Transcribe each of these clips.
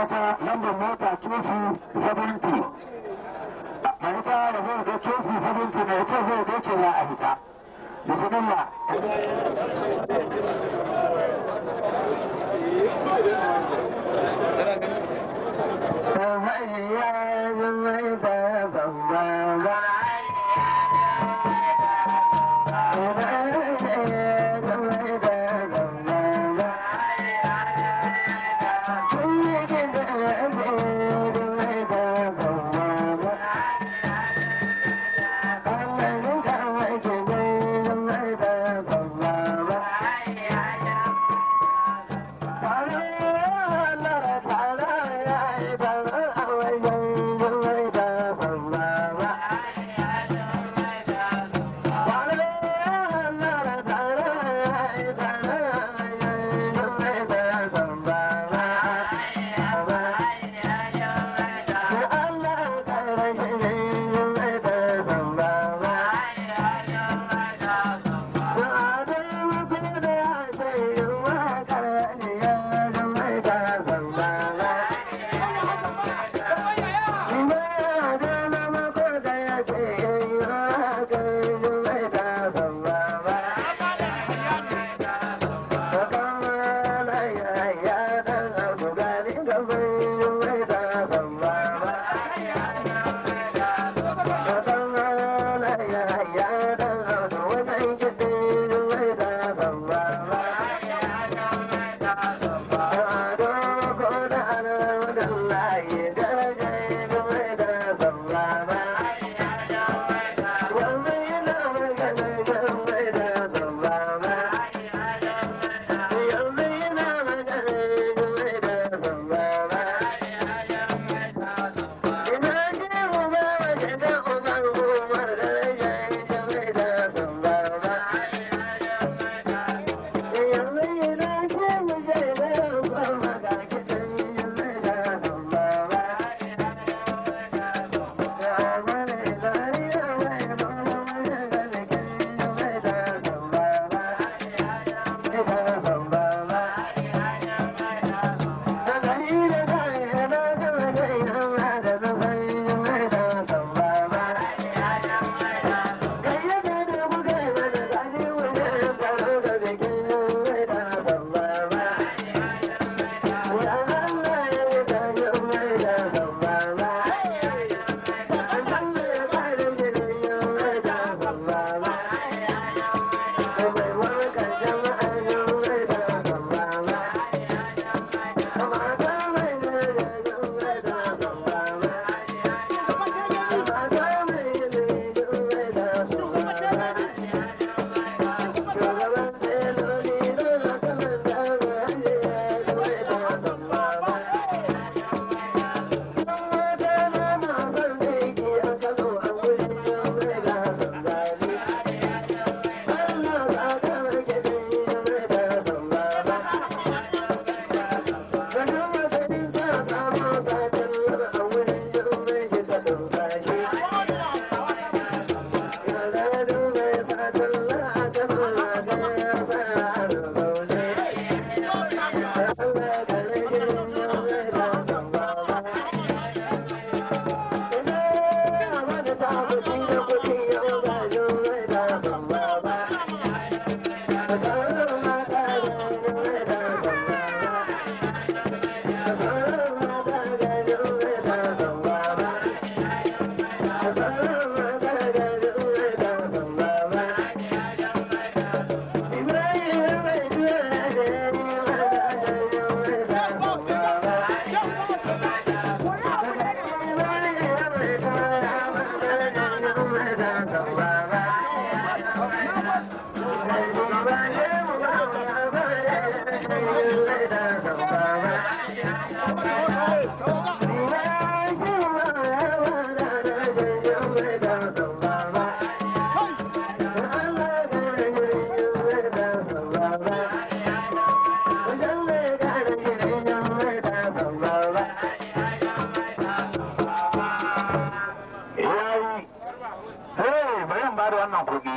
wata lambar mota coci 70 mai ita da zai ga coci 70 mai ita zai ga cewa a hita yeah,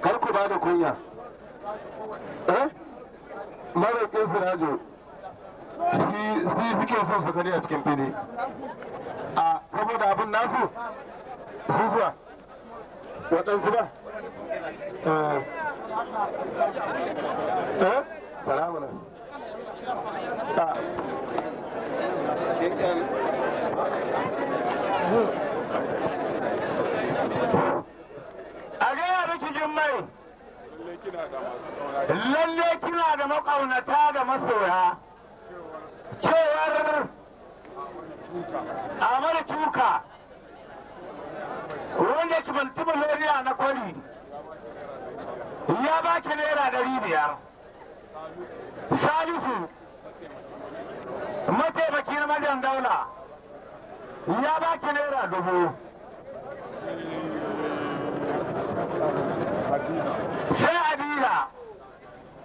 kar ku ba da kunya eh maraƙin sirajo shi suke son su kare a cikin fili a saboda abin nasu su zuwa waɗansu ba eh salamu eh? na Thank you. sarkin mai lalle kina da makaunata da masoya cewar amara cuka wanda ki multimiloniya na kwari ya ba ki naira ɗari biyar salisu mataimaki na madan daula ya ba ki naira dubu sai abila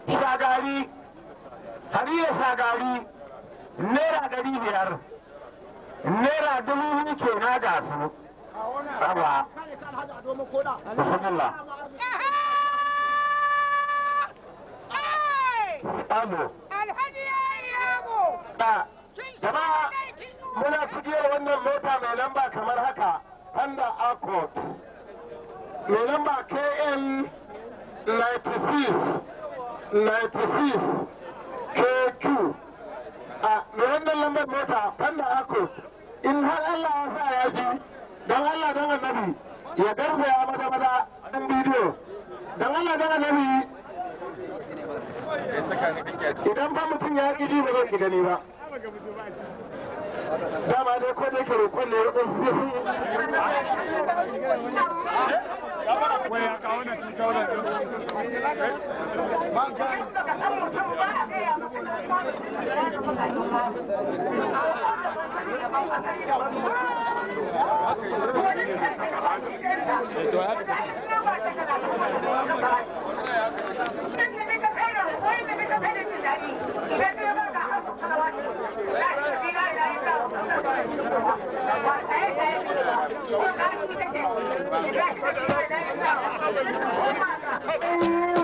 shagari habila shagari naira ɗari biyar naira dubu biyu ke na ga su raba bismillah Amo. Alhaji ya yi amo. Jama'a muna cikin wannan mota mai lamba kamar haka. Honda Accord. mai lamba kn 96 96 kq a wannan lambar mota fanda ako in har allah ya sa ya ji don allah don annabi ya garzaya maza maza ɗan bidiyo don allah don annabi idan ba mutum ya ji ba zai gani ba dama dai ko da yake roƙon ne Thank you. Thank you.